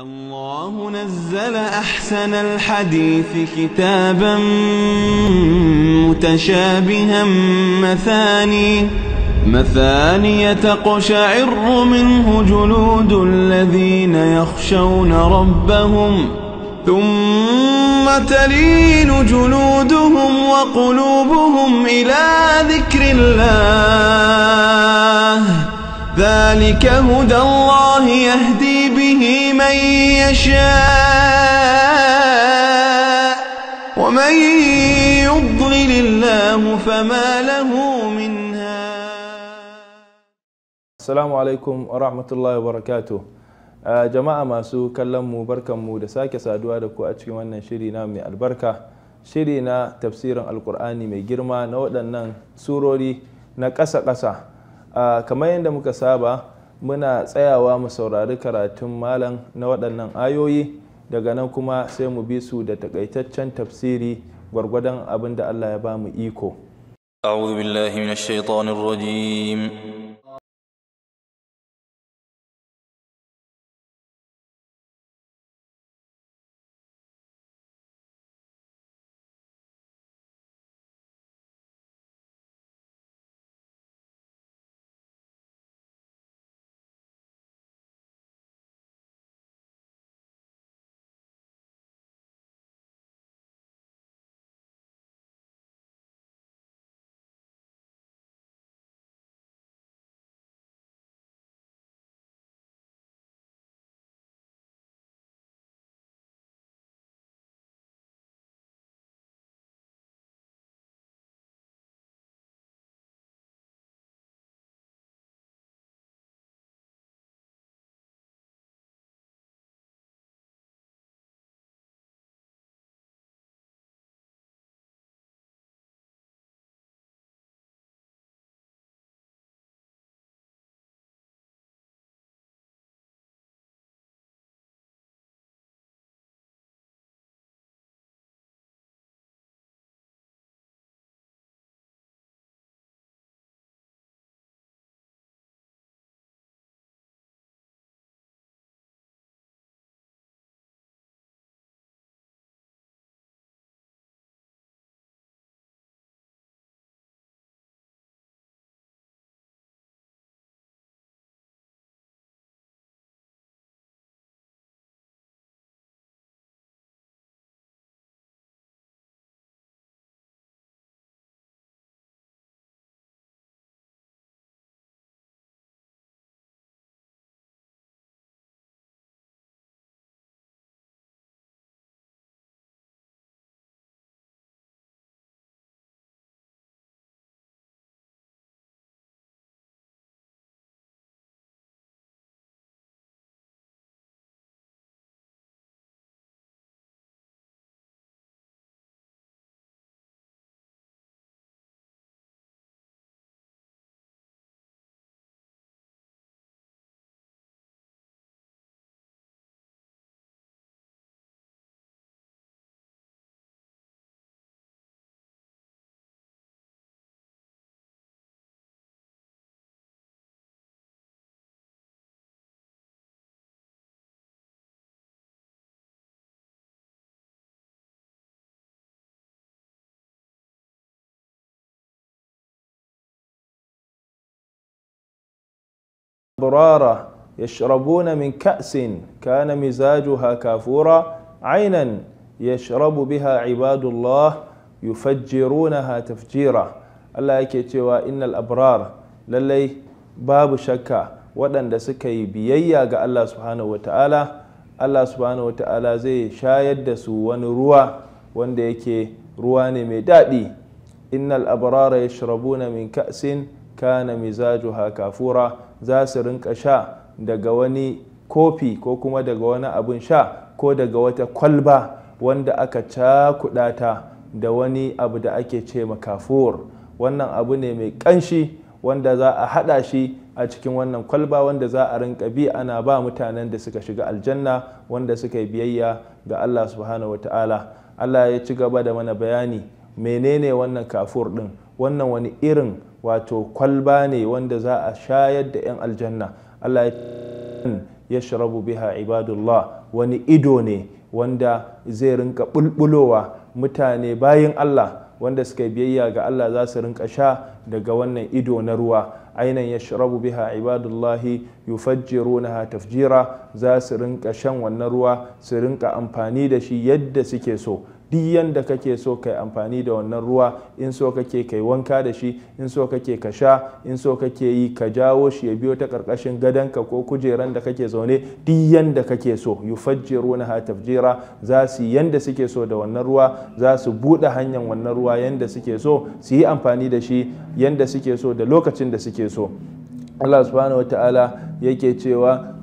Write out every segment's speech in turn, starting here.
الله نزل أحسن الحديث كتابا متشابها مثاني مثاني تقشعر منه جلود الذين يخشون ربهم ثم تلين جلودهم وقلوبهم إلى ذكر الله ذلك هدى الله يهدي يهدي من يشاء ومن يضلل الله فما له من هاد السلام عليكم ورحمة الله وبركاته آه، جماعة ما سو كلام مبارك مودسا كسادوا لكم أتكي وانا شرينا من البركة شرينا تفسير القرآن مي جرما نوعدنا سوروري نكسا قسا آه، كما يندم كسابة muna tsayawa mu saurari karatun malam na waɗannan ayoyi daga nan kuma sai mu bi su da takaitaccen tafsiri gwargwadon abin da Allah ya ba mu iko. أعوذ بالله من الشيطان الرجيم أبرارا يشربون من كأس كان مزاجها كافورا عينا يشرب بها عباد الله يفجرونها تفجيرا الله يكتي وإن الأبرار للي باب شكا ودن دسكي بييا الله سبحانه وتعالى الله سبحانه وتعالى زي شايد دسو ونروى وندي كي رواني ميدادي إن الأبرار يشربون من كأس kana ha kafura za su rinka sha daga wani kofi ko kuma daga wani abin sha ko daga wata kwalba wanda aka cakuɗa da wani abu da ake ce makafur wannan abu ne mai ƙanshi wanda za a haɗa shi a cikin wannan kwalba wanda za a rinka bi ana ba mutanen da suka shiga aljanna wanda suka yi biyayya ga Allah subhanahu wa ta'ala Allah ya ci gaba da mana bayani menene wannan kafur ɗin wannan wani irin wato kwalba ne wanda za a shayar da 'yan aljanna Allah ya sharabu biha ibadullah wani ido ne wanda zai rinka bulbulowa mutane bayan Allah wanda suka biyayya ga Allah za su rinka sha daga wannan ido na ruwa ainihin ya shirabu biha ibadullahi yufajjirunaha tafjira za su rinka shan wannan ruwa su rinka amfani da shi yadda suke so duk yanda kake so kai amfani da wannan ruwa in so kake kai wanka da shi in so kake ka sha in so kake yi ka jawo shi ya biyo ta karkashin gadonka ko kujeran da kake zaune duk yanda kake so yufajjiruna tafjira za su yi yadda suke so da wannan ruwa za su buɗe hanyar wannan ruwa yadda suke so su yi amfani da shi yadda suke so da lokacin da suke so Allah subhanahu wataala yake cewa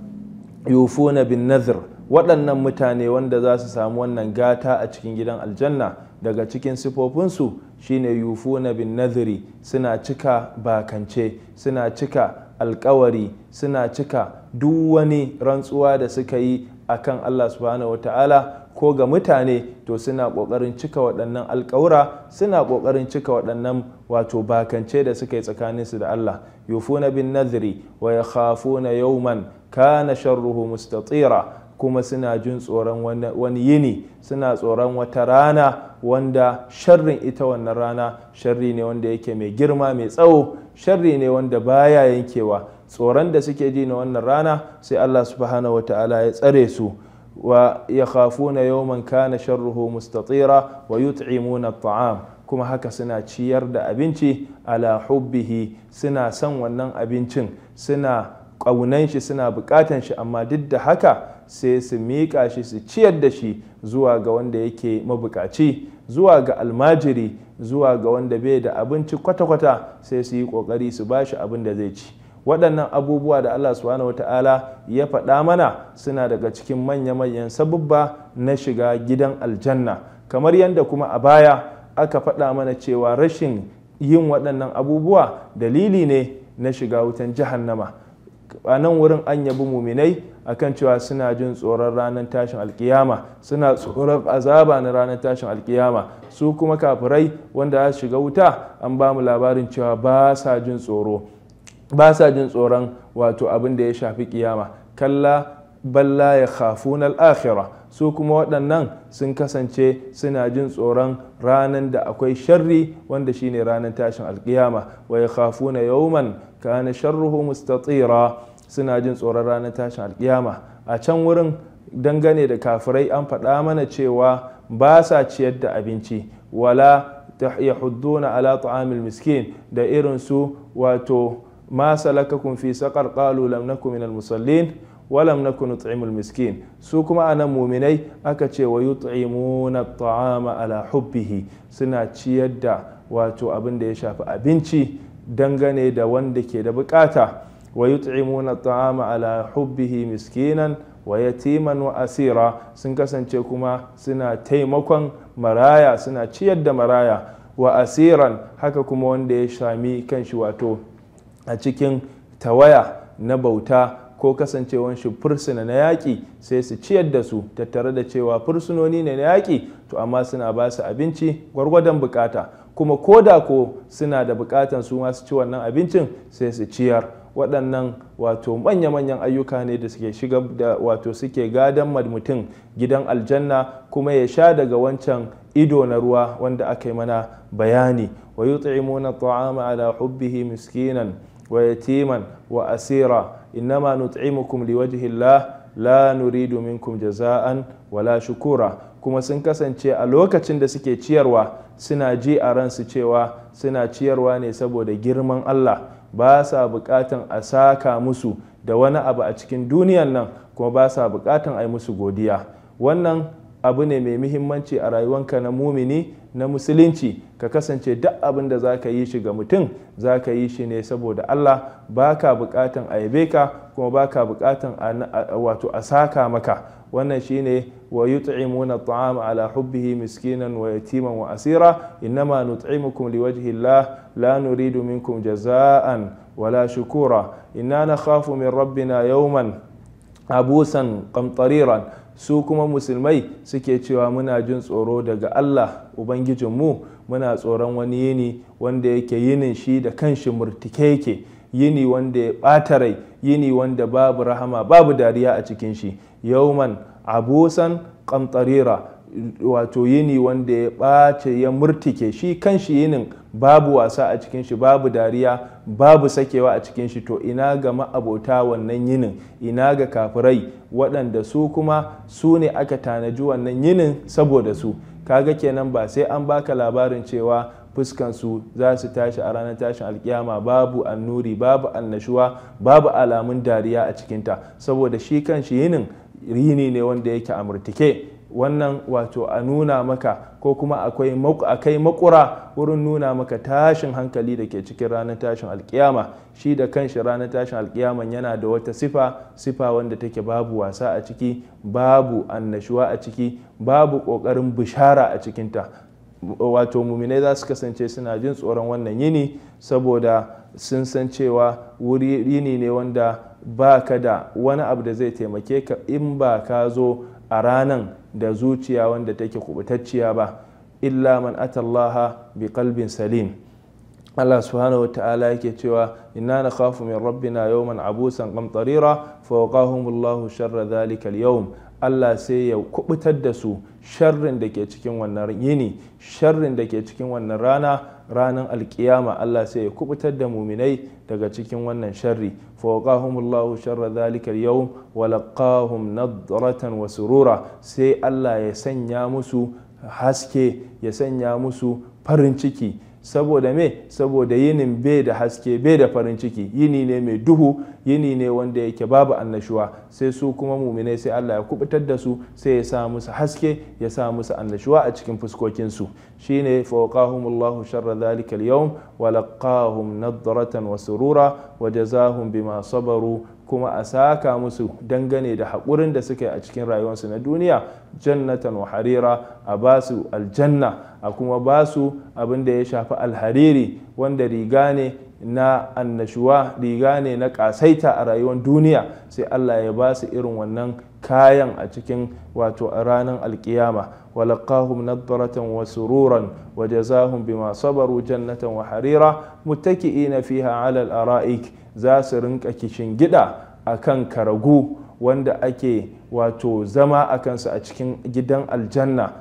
yufuna bin nazir. waɗannan mutane wanda za su samu wannan gata a cikin gidan aljanna daga cikin sifofinsu shine yufuna bin nadhiri suna cika bakance suna cika alkawari suna cika duk wani rantsuwa da suka yi akan Allah subhanahu Ta'ala ko ga mutane to suna ƙoƙarin cika waɗannan alƙawura suna ƙoƙarin cika waɗannan wato bakance da suka yi tsakaninsu da Allah yufuna bin nadhri wa yakhafuna yawman kana sharruhu mustatira kuma suna jin tsoron wani yini suna tsoron wata rana wanda sharrin ita wannan rana sharri ne wanda yake mai girma mai tsawo sharri ne wanda baya yankewa tsoron da suke ji na wannan rana sai Allah subhanahu wata'ala ya tsare su wa ya na yawman kana sharruhu mustatira wa yi at'am kuma haka suna ciyar da abinci ala hubbihi suna son wannan abincin suna ƙaunan shi suna buƙatan shi amma duk da haka sai su miƙa shi su ciyar da shi zuwa ga wanda yake mabukaci zuwa ga almajiri zuwa ga wanda bai da abinci kwata-kwata sai su yi ƙoƙari su ba shi abin da zai ci waɗannan abubuwa da Allah subhanahu wata'ala ya faɗa mana suna daga cikin manya-manyan sabubba na shiga gidan aljanna kamar yadda kuma a baya aka faɗa mana cewa rashin yin waɗannan abubuwa dalili ne na shiga wutan jahannama a nan wurin an yabi muminai akan cewa suna jin tsoron ranar tashin alkiyama suna tsoron azaba na ranar tashin alkiyama su kuma kafirai wanda za shiga wuta an ba mu labarin cewa ba sa jin tsoron wato abin da ya shafi kiyama kalla balla ya khafu na su kuma waɗannan sun kasance suna jin tsoron ranar da akwai sharri wanda shine ranar tashin alkiyama wa ya khafuna yawman kana sharruhu mustatira suna jin tsoron ranar tashin alkiyama a can wurin dangane da kafirai an faɗa mana cewa ba sa ciyar da abinci wala yahudduna ala ta'amil miskin da irin su wato ma kun fi saqar qalu lam nakum minal musallin walam kunu nut'imul miskin su kuma a nan muminai aka ce wa yut'imuna ta'ama ala hubbihi suna ciyar da wato abin da ya shafi abinci dangane da wanda ke da bukata wa yut'imuna ta'ama ala hubbihi miskinan wa yatiman wa asira sun kasance kuma suna taimakon maraya suna ciyar da maraya wa asiran haka kuma wanda ya sami kanshi wato a cikin tawaya na bauta ko kasancewan fursuna na yaƙi sai su ciyar da su tattare da cewa fursunoni ne na yaƙi to amma suna ba su abinci gwargwadon bukata kuma ko da ko suna da bukatan su masu ci wannan abincin sai su ciyar waɗannan wato manya-manyan ayyuka ne da suke shiga da wato suke gadon mutum gidan aljanna kuma ya sha daga wancan ido na ruwa wanda aka yi mana bayani wa yut'imuna ta'ama ala hubbihi miskinan wa yatiman wa asira innama nut'imukum liwajhi Allah la nuridu minkum jaza'an wala shukura kuma sun kasance a lokacin da suke ciyarwa suna ji a ransu cewa suna ciyarwa ne saboda girman Allah ba sa bukatan a saka musu da wani abu a cikin duniyan nan kuma ba sa bukatan a yi musu godiya wannan abu ne mai muhimmanci a rayuwanka na mumini na musulunci ka kasance duk abin da za ka yi shi ga mutum za ka yi shi ne saboda allah ba ka bukatan a yabe ka kuma ba ka bukatan a saka maka wannan shine wa yut'imuna at'ama ala hubbihi miskinan wa yatiman wa asira innama nut'imukum liwajhi Allah la nuridu minkum jaza'an wala shukura inna nakhafu min rabbina yawman abusan qamtariran su kuma musulmai suke cewa muna jin tsoro daga Allah ubangijinmu muna tsoron wani yini wanda yake yinin shi da kanshi murtike yake yini wanda ya ɓata rai yini wanda babu rahama babu dariya a cikin shi yauman abusan kamtarira wato yini wanda ya ɓace ya murtike shi kan shi yinin babu wasa a cikin shi babu dariya babu sakewa a cikin shi to ina ga ma'abota wannan yinin ina ga kafirai waɗanda su kuma su ne aka tanaji wannan yinin saboda su kaga kenan ba sai an baka labarin cewa fuskansu za su tashi a ranar tashin alkiyama babu annuri babu annashuwa babu alamun dariya a cikinta saboda shi kan shi yinin rini ne wanda yake amurtike wannan wato a nuna maka ko kuma akwai akai makura wurin nuna maka tashin hankali da ke cikin ranar tashin alkiyama shi da kanshi ranar tashin alkiyaman yana da wata sifa sifa wanda take babu wasa a ciki babu annashuwa a ciki babu ƙoƙarin bishara a cikinta wato muminai za su kasance suna jin tsoron wannan yini saboda sun san cewa wuri yini ne wanda ba ka da wani abu da zai taimake ka in ba ka zo a ranan da zuciya wanda take kubutacciya ba illa man atallaha bi kalbin salim Allah subhanahu wa ta'ala yake cewa inna na khafu min rabbina yawman abusan qamtarira fa waqahum sharra dhalika al-yawm Allah sai ya kubutar da su sharrin da ke cikin wannan yini sharrin da ke cikin wannan rana ranar alkiyama Allah sai ya kubutar da muminai daga cikin wannan sharri fawqahumullahu sharra dhalika al-yawm wa laqahum nadratan wa surura sai Allah ya sanya musu haske ya sanya musu farin ciki saboda me saboda yinin bai da haske bai da farin ciki yini ne mai duhu yini ne wanda yake babu annashuwa sai su kuma muminai sai Allah ya kubutar da su sai ya sa musu haske ya sa musu annashuwa a cikin fuskokin su shine fawqahumullahu sharra dhalika al-yawm wa laqahum nadratan wa surura wa jazahum bima sabaru kuma a saka musu dangane da haƙurin da suka yi a cikin rayuwarsu na duniya jannatan wa harira a basu aljanna a kuma ba su abin da ya shafi alhariri wanda riga ne na annashuwa riga ne na kasaita a rayuwar duniya sai Allah ya ba su irin wannan kayan a cikin wato a ranar alkiyama walaqahum nadratan wa sururan wa jazahum masu sabaru jannatan wa harira muttaki'ina fiha halal al-ara'ik za su rinka kishin gida akan karagu wanda ake wato zama a kansa a cikin gidan aljanna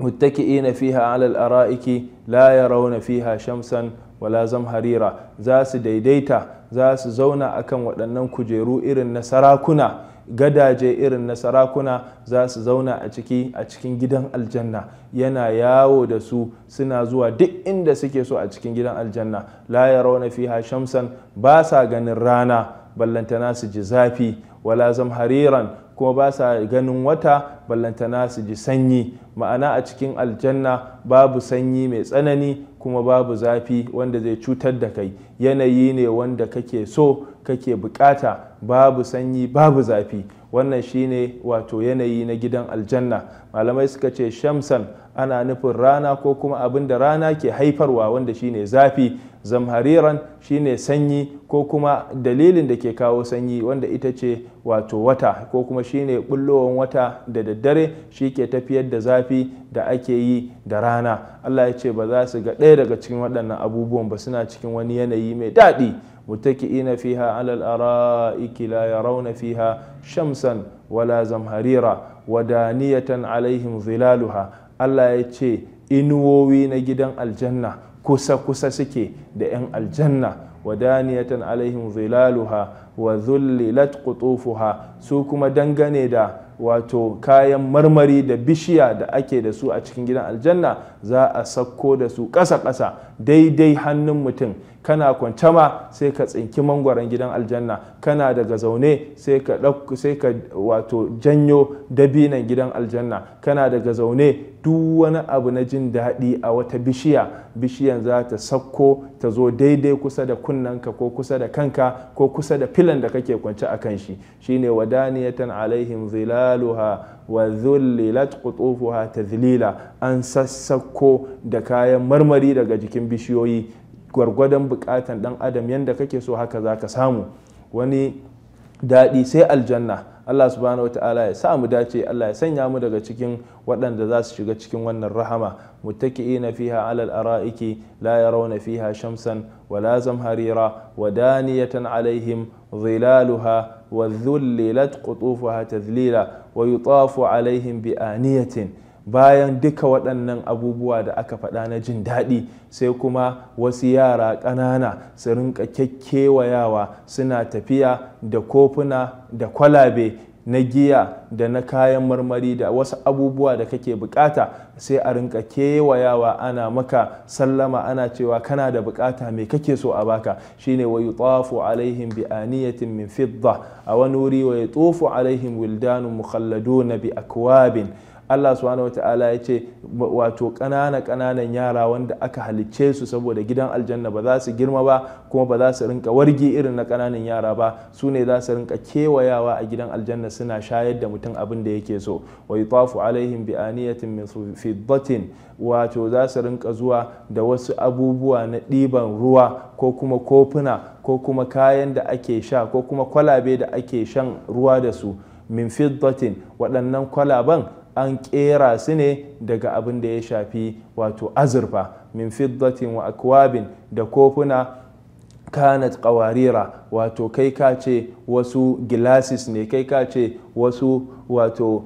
muttaki'ina fiha alal ara'iki la yarawna fiha shamsan wala harira za su daidaita za su zauna akan waɗannan kujeru irin na sarakuna gadaje irin na sarakuna za su zauna a ciki a cikin gidan aljanna yana yawo da su suna zuwa duk inda suke so a cikin gidan aljanna la yarawna fiha shamsan ba sa ganin rana ballantana su ji zafi wala hariran. kuma ba sa ganin wata ballantana su ji sanyi ma'ana a cikin aljanna babu sanyi mai tsanani kuma babu zafi wanda zai cutar da kai yanayi ne wanda kake so kake bukata babu sanyi babu zafi wannan shine wato yanayi na gidan aljanna malamai suka ce shamsan ana nufin rana ko kuma abin da rana ke haifarwa wanda shine zafi zamhariran shine sanyi ko kuma dalilin da ke kawo sanyi wanda ita ce wato wata ko kuma shine bullowan wata da daddare shi ke tafiyar da zafi da ake yi da rana allah ya ce ba za su ga ɗaya daga cikin waɗannan abubuwan ba suna cikin wani yanayi mai daɗi متكئين فيها على الأرائك لا يرون فيها شمسا ولا زمهريرا ودانية عليهم ظلالها Allah ya ce inuwowi na gidan aljanna kusa-kusa suke da 'yan aljanna wa daniyatan alaihim zilaluha wa zullilat qutufuha su kuma dangane da wato kayan marmari da bishiya da ake da su a cikin gidan aljanna za a sakko da su ƙasa-ƙasa daidai hannun mutum kana kwance ma sai ka tsinki mangwaron gidan aljanna kana daga zaune sai ka sai ka wato janyo dabinan gidan aljanna kana daga zaune duk wani abu na jin daɗi a wata bishiya bishiyan za ta sakko ta zo daidai kusa da kunnanka ko kusa da kanka ko kusa da filan da kake kwance a kan shi shine wadaniyatan alaihim zilaluha wa zullilat qutufuha tadhlila an sassako da kayan marmari daga jikin bishiyoyi gwargwadon bukatan dan adam yadda kake so haka zaka samu wani daɗi sai aljanna Allah subhanahu wa ta'ala ya sa mu dace Allah ya sanya mu daga cikin waɗanda za su shiga cikin wannan rahama na fiha alal ara'iki la yarawna fiha shamsan wala zamharira wa daniyatan alaihim zilaluha wa dhullilat qutufuha tadhlila wa yutafu alaihim bi aniyatin bayan duka waɗannan abubuwa da aka faɗa na jin daɗi sai kuma wasu yara ƙanana su rinka kyakkewayawa suna tafiya da kofuna da kwalabe na giya da na kayan marmari da wasu abubuwa da kake bukata sai a rinka kewayawa ana maka sallama ana cewa kana da bukata mai kake so a baka shine wa yutafu alaihim bi aniyatin min fidda a wani wuri wa yatufu alaihim wildanun mukhalladuna bi akwabin Allah subhanahu wata'ala ya ce wato ƙanana ƙananan yara wanda aka halicce su saboda gidan aljanna ba za su girma ba kuma ba za su rinka wargi irin na ƙananan yara ba su ne za su rinka kewayawa a gidan aljanna suna shayar da mutum abin da yake so wa yutafu alaihim bi aniyatin min fiddatin wato za su rinka zuwa da wasu abubuwa na ɗiban ruwa ko kuma kofuna ko kuma kayan da ake sha ko kuma kwalabe da ake shan ruwa da su min fiddatin waɗannan kwalaban an kera su ne daga abin da ya shafi wato azurfa min fiddatin wa akwabin da kofuna kanat kawarira wato kai ka ce wasu gilasis ne kai ka ce wasu wato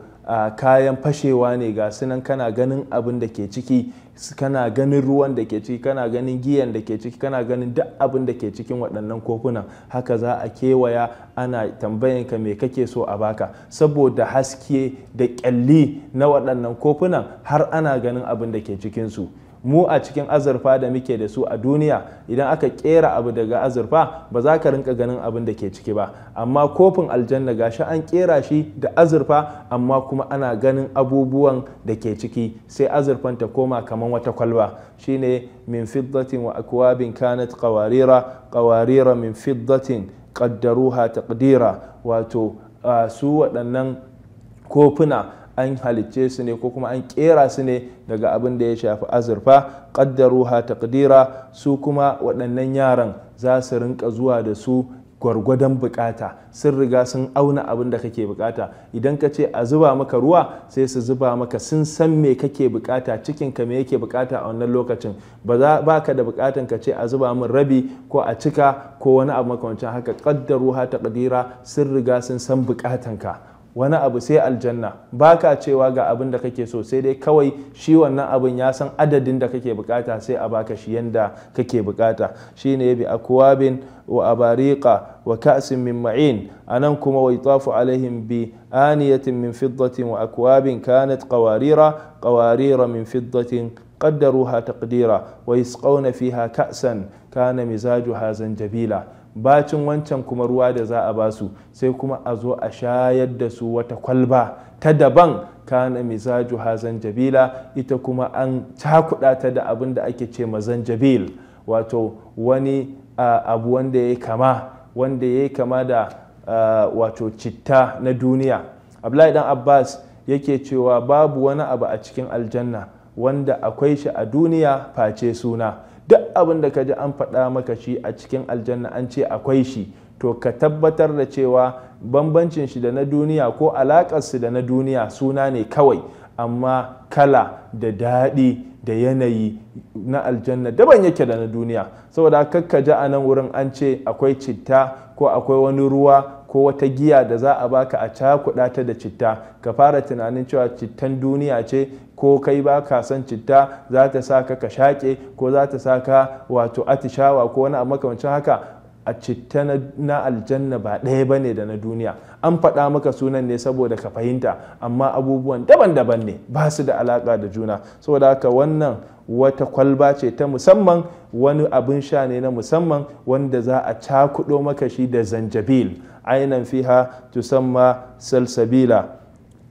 kayan fashewa ne ga sunan kana ganin abin da ke ciki kana ganin ruwan da ke ciki kana ganin giyan da ke ciki kana ganin duk abin da ke cikin waɗannan kofunan haka za a kewaya ana tambayanka me kake so a baka saboda haske da ƙyalli na waɗannan kofunan har ana ganin abin da ke cikinsu mu a cikin azurfa da muke da su a duniya idan aka kera abu daga azurfa ba za ka rinka ganin abin da ke ciki ba amma kofin aljanna gashi an kera shi da azurfa amma kuma ana ganin abubuwan da ke ciki sai azurfan ta koma kamar wata kwalba shine min fiddatin wa akwabin kanat qawarira qawarira min fiddatin qaddaruha taqdira wato su waɗannan kofuna an halicce su ne ko kuma an kera su ne daga abin da ya shafi azurfa ƙaddaruha takdira su kuma waɗannan yaran za su rinka zuwa da su gwargwadon bukata sun riga sun auna abin da kake bukata idan ka ce a zuba maka ruwa sai su zuba maka sun san me kake bukata cikin ka me yake bukata a wannan lokacin ba za ka da bukatan ka ce a zuba min rabi ko a cika ko wani abu makamancin haka kaddaruha takdira sun riga sun san bukatan ka wani abu sai aljanna ba ka cewa ga abin da kake so sai dai kawai shi wannan abin ya san adadin da kake bukata sai a baka shi yanda kake bukata shine bi akwabin wa abariqa wa ka'sin min ma'in anan kuma wa yutafu alaihim bi aniyatin min fiddatin wa akwabin kanat qawarira qawarira min fiddatin qaddaruha taqdira wa yasqawna fiha ka'san kana mizajuha zanjabila bacin wancan kuma ruwa da za a ba su, sai kuma a zo a shayar da su wata kwalba ta daban kana mizaju ha zanjabila ita kuma an cakuɗa ta da abin da ake ce ma zanjabil wato wani abu wanda ya kama wanda ya kama da wato citta na duniya abdullahi dan abbas yake cewa babu wani abu a cikin aljanna wanda akwai shi a duniya face suna duk abin da ka ji an faɗa maka shi a cikin aljanna an ce akwai shi to ka tabbatar da cewa bambancin shi da na duniya ko alaƙarsu da na duniya suna ne kawai amma kala da daɗi da yanayi na aljanna daban yake da na duniya saboda kakka ji a nan wurin an ce akwai citta ko akwai wani ruwa ko wata giya da za a baka a cakuɗa ta da citta ka fara tunanin cewa cittan duniya ce ko kai ba ka son citta za ta sa ka ka shaƙe ko za ta sa ka wato atishawa ko wani a makamancin haka a citta na aljanna ba ɗaya ba ne da na duniya an faɗa maka sunan ne saboda ka fahimta amma abubuwan daban-daban ne ba su da alaƙa da juna saboda haka wannan wata kwalba ce ta musamman wani abin sha ne na musamman wanda za a cakuɗo maka shi da zanjabil ainan fiha tusamma salsabila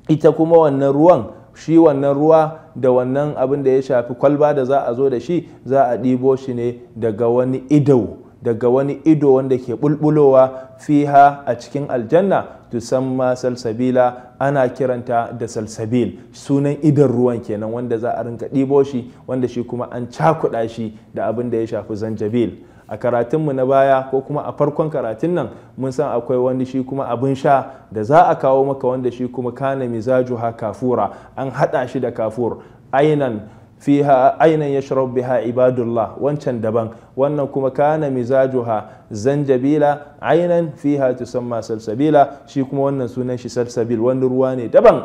ita kuma wannan ruwan shi wannan ruwa da wannan abin da ya shafi kwalba da za a zo da shi za a ɗibo shi ne daga wani ido daga wani ido wanda ke bulbulowa fiha a cikin aljanna tusamma salsabila ana kiranta da salsabil sunan idan ruwan kenan wanda za a rinka ɗibo shi wanda shi kuma an cakuɗa shi da abin da ya shafi zanjabil a karatunmu na baya ko kuma a farkon karatun nan mun san akwai wani shi kuma abin sha da za a kawo maka wanda shi kuma kana mizajuha kafura an haɗa shi da kafur ainan fiha ainan yashrab biha ibadullah wancan daban wannan kuma kana mizajuha zanjabila ainan fiha tusamma salsabila shi kuma wannan sunan shi salsabil wani ruwa ne daban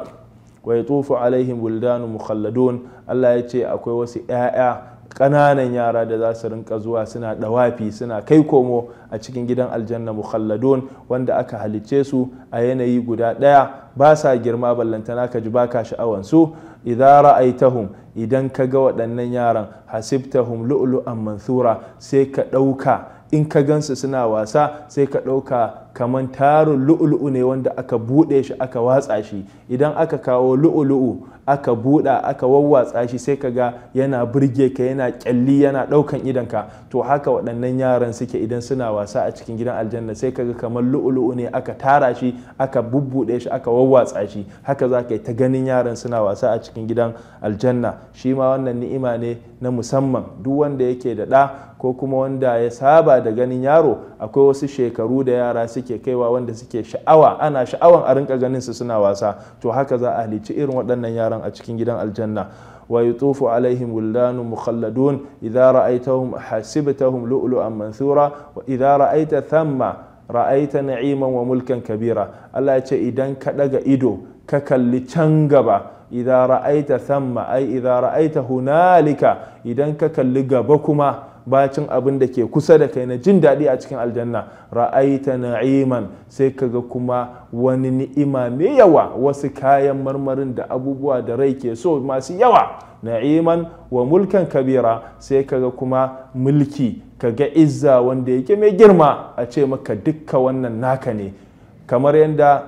wa yatufu alaihim buldanu mukhalladun Allah ya ce akwai wasu 'ya'ya ƙananan yara da za su rinka zuwa suna ɗawafi suna kai komo a cikin gidan aljanna mukhalladun wanda aka halicce su a yanayi guda ɗaya ba sa girma ballantana ka ji baka sha'awan su idan ra'aitahum idan ka ga waɗannan yaran hasibtahum lu'lu'an mansura sai ka ɗauka in ka gansu suna wasa sai ka ɗauka kamar tarin lu'ulu'u ne wanda aka buɗe shi aka watsa shi idan aka kawo lu'ulu'u aka buɗa aka wawwatsa shi sai ka ga yana birge ka yana ƙyalli yana ɗaukan idanka to haka waɗannan yaran suke idan suna wasa a cikin gidan aljanna sai ka ga kamar lu'ulu'u ne aka tara shi aka bubbuɗe shi aka wawwatsa shi haka za ka yi ta ganin yaran suna wasa a cikin gidan aljanna shi ma wannan ni'ima ne na musamman duk wanda yake da ɗa ko kuma wanda ya saba da ganin yaro akwai wasu shekaru da yara suke kaiwa wanda suke sha'awa ana sha'awan a rinka ganin su suna wasa to haka za a halicci irin waɗannan yaran a cikin gidan aljanna wa yutufu alaihim wuldanun mukhalladun idza ra'aytahum hasibtahum lu'lu'an mansura wa idza ra'aita thamma ra'aita na'iman wa mulkan kabira Allah ya ce idan ka daga ido ka kalli can gaba idza ra'aita thamma ai idza ra'aita hunalika idan ka kalli gaba kuma bacin abin da ke kusa da kai na jin daɗi a cikin aljanna ra'aita na'iman sai kaga kuma wani ni'ima mai yawa wasu kayan marmarin da abubuwa da rai ke so masu yawa na'iman wa mulkan kabira sai kaga kuma mulki kaga izza wanda yake mai girma a ce maka dukka wannan naka ne kamar yadda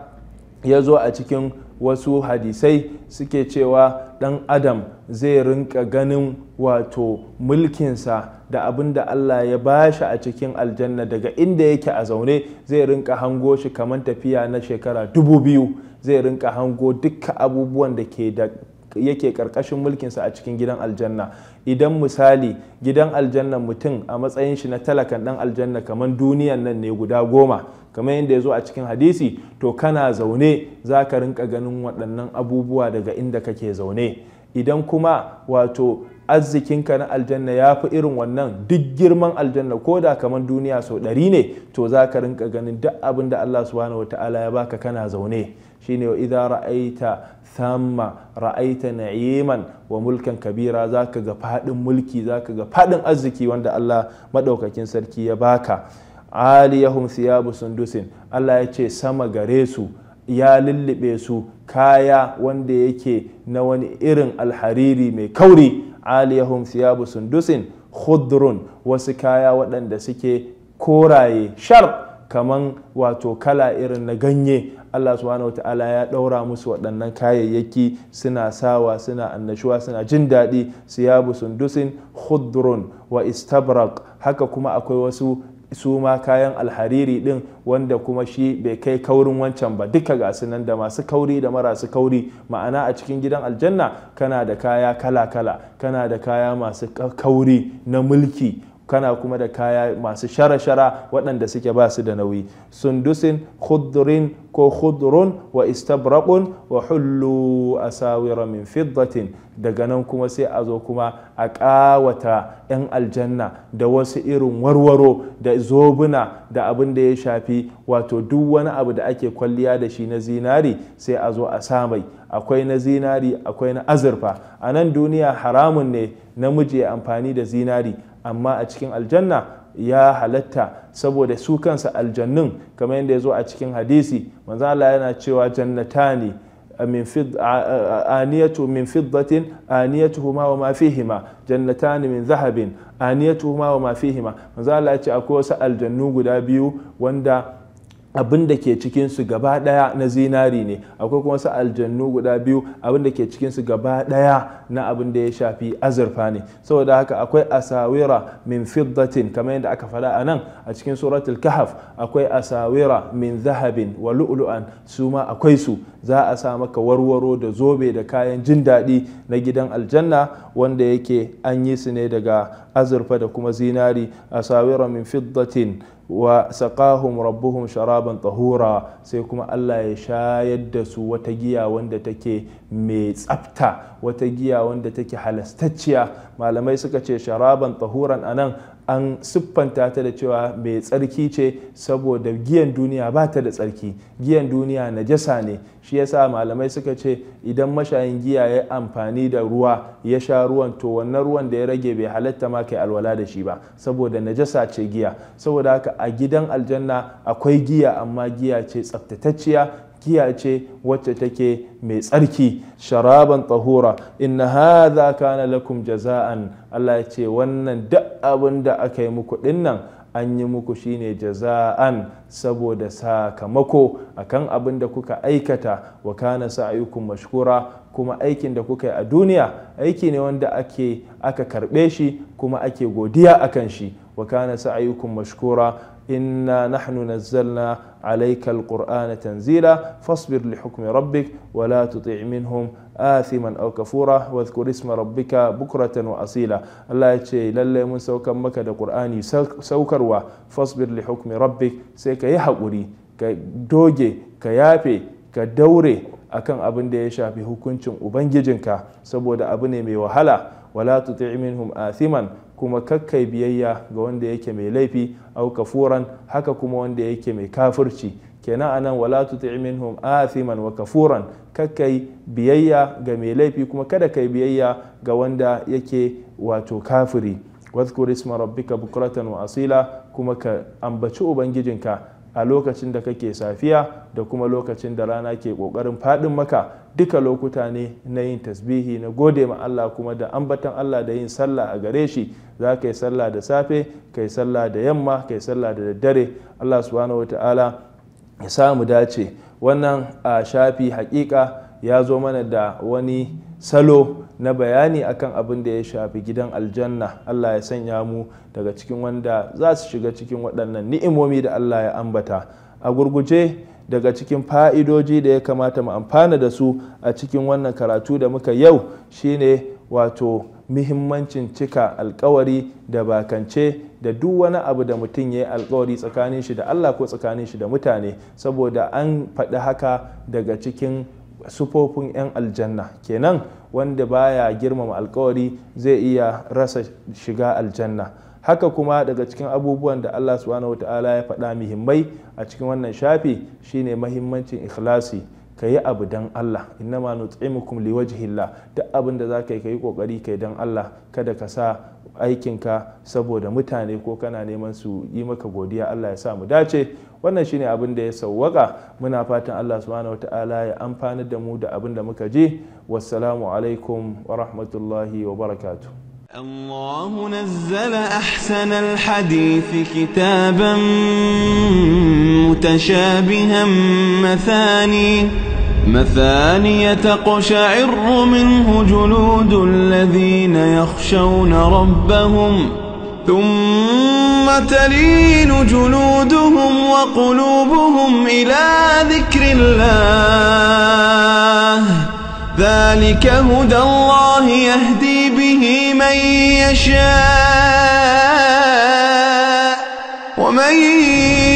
ya zo a cikin wasu hadisai suke cewa ɗan adam zai rinka ganin wato mulkinsa da abin da Allah ya ba shi a cikin aljanna daga inda yake a zaune zai rinka hango shi kamar tafiya na shekara dubu biyu zai rinka hango dukkan abubuwan da ke da yake karkashin mulkinsa a cikin gidan aljanna idan misali gidan aljanna mutum a matsayin shi na talakan dan aljanna kamar duniyan nan ne guda goma kamar yadda ya zo a cikin hadisi to kana zaune za ka rinka ganin waɗannan abubuwa daga inda kake zaune idan kuma wato arzikinka na aljanna ya fi irin wannan duk girman aljanna ko da kamar duniya sau ɗari ne to za ka rinka ganin duk abin da Allah subhanahu ta'ala ya baka kana zaune shine wa idza ra'aita thamma ra'aita na'iman wa mulkan kabira za ka ga fadin mulki za ka ga fadin arziki wanda Allah madaukakin sarki ya baka aliyahum thiyabu sundusin Allah ya ce sama gare su ya lullube su kaya wanda yake na wani irin alhariri mai kauri aliyahum thiyabu sundusin khudrun wasu kaya waɗanda suke koraye shar kaman wato kala irin na ganye Allah subhanahu ta'ala ya ɗaura musu waɗannan kayayyaki suna sawa suna annashuwa suna jin daɗi siyabu sundusin khudrun wa istabrak haka kuma akwai wasu su ma kayan alhariri din wanda kuma shi bai kai kaurin wancan ba duka ga nan da masu kauri da marasu kauri ma'ana a cikin gidan aljanna kana da kaya kala-kala kana da kaya masu kauri na mulki kana kuma da kaya masu shara-shara waɗanda suke ba su da nauyi sundusin khudurin ko khudurun wa istabraqun wa hullu asawira min fiddatin daga nan kuma sai a zo kuma a ƙawata 'yan aljanna da wasu irin warwaro da zobuna da abin da ya shafi wato duk wani abu da ake kwalliya da shi na zinari sai a zo a samai akwai na zinari akwai na azurfa a nan duniya haramun ne namiji ya amfani da zinari amma a cikin aljanna ya halatta saboda su kansa aljannun kamar yadda ya zo a cikin hadisi manzo yana cewa jannatani min aniyatu min fiddatin aniyatuhuma wa ma fihima jannatani min zahabin aniyatuhuma wa ma fihima manzo Allah ya ce akwai wasu aljannu guda biyu wanda abin da ke su gaba ɗaya na zinari ne akwai kuma su aljannu guda biyu abin da ke su gaba ɗaya na abin da ya shafi azurfa ne saboda haka akwai asawira min fiddatin kamar yadda aka faɗa a nan a cikin suratul kahaf akwai asawira min zahabin wa lu'lu'an su ma akwai su za a sa maka warwaro da zobe da kayan jin daɗi na gidan aljanna wanda yake an yi su ne daga azurfa da kuma zinari asawira min fiddatin wa saqahum rabbuhum sharaban tahura sai kuma Allah ya shayar da su wata giya wanda take mai tsafta wata giya wanda take halastacciya malamai suka ce sharaban tahuran anan an siffanta ta da cewa mai tsarki ce saboda giyan duniya ba ta da tsarki giyan duniya najasa ne shi yasa malamai suka ce idan mashayin giya ya amfani da ruwa ya sha ruwan to wannan ruwan da ya rage bai halatta ma kai alwala da shi ba saboda najasa ce giya saboda haka a gidan aljanna akwai giya amma giya ce tsaftatacciya giya ce wacce take mai tsarki sharaban tahura inna hadha kana lakum jaza'an Allah ya ce wannan duk abin da aka yi muku dinnan an yi muku shine jaza'an saboda sakamako akan abin da kuka aikata wa kana sa'ayukum mashkura kuma aikin da kuka yi a duniya aiki ne wanda ake aka karbe shi kuma ake godiya akan shi wa kana sa'ayukum mashkura inna nahnu nazzalna عليك القرآن تنزيلا فاصبر لحكم ربك ولا تطيع منهم آثما أو كفورا واذكر اسم ربك بكرة وأصيلا الله يتشي للي من سوكا مكا دا قرآني فاصبر لحكم ربك سيكا يحقوري كدوجي كيابي كدوري أكن أبن da بهو كنتم hukuncin ubangijinka saboda أبن ne mai wahala wala tuti kuma kakkai biyayya ga wanda yake mai laifi au kafuran haka kuma wanda yake mai kafirci kenan anan wala tuti minhum athiman wa kafuran kakkai biyayya ga mai laifi kuma kada kai biyayya ga wanda yake wato kafiri wadhkur isma rabbika bukratan wa asila kuma ka ambaci ubangijinka a lokacin da kake safiya da kuma lokacin da rana ke ƙoƙarin faɗin maka duka lokuta ne na yin tasbihi na gode ma Allah kuma da ambatan Allah da yin sallah a gare shi za ka yi sallah da safe ka yi sallah da yamma ka yi sallah da daddare Allah subhanahu wa ta'ala ya samu dace wannan a shafi haƙiƙa ya zo mana da wani salo na bayani akan abin da ya shafi gidan aljanna Allah ya sanya mu daga cikin wanda za su shiga cikin waɗannan ni'imomi da Allah ya ambata a gurguje daga cikin fa'idoji da ya kamata mu amfana da su a cikin wannan karatu da muka yau shine wato muhimmancin cika alkawari da bakance da duk wani abu da mutum ya yi alkawari tsakanin shi da Allah ko tsakanin shi da mutane saboda an faɗi haka daga cikin sufofin 'yan aljanna kenan wanda baya girmama alkawari zai iya rasa shiga aljanna haka kuma daga cikin abubuwan da Allah subhanahu wata'ala ya faɗa muhimmai a cikin wannan shafi shine mahimmancin ikhlasi ka yi abu dan Allah inna mukum nut'imukum liwajhillah duk abin da zaka yi kai kokari kai dan Allah kada ka sa aikinka saboda mutane ko kana neman su yi maka godiya Allah ya sa mu dace wannan shine abin da ya sauwaka muna fatan Allah subhanahu wataala ya amfanar da mu da abin da muka je wassalamu alaikum wa rahmatullahi wa barakatuh الله نزل أحسن الحديث كتابا متشابها مثاني مثاني تقشعر منه جلود الذين يخشون ربهم ثم تلين جلودهم وقلوبهم إلى ذكر الله ذلك هدى الله يهدي من يشاء ومن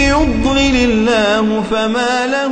يضلل الله فما له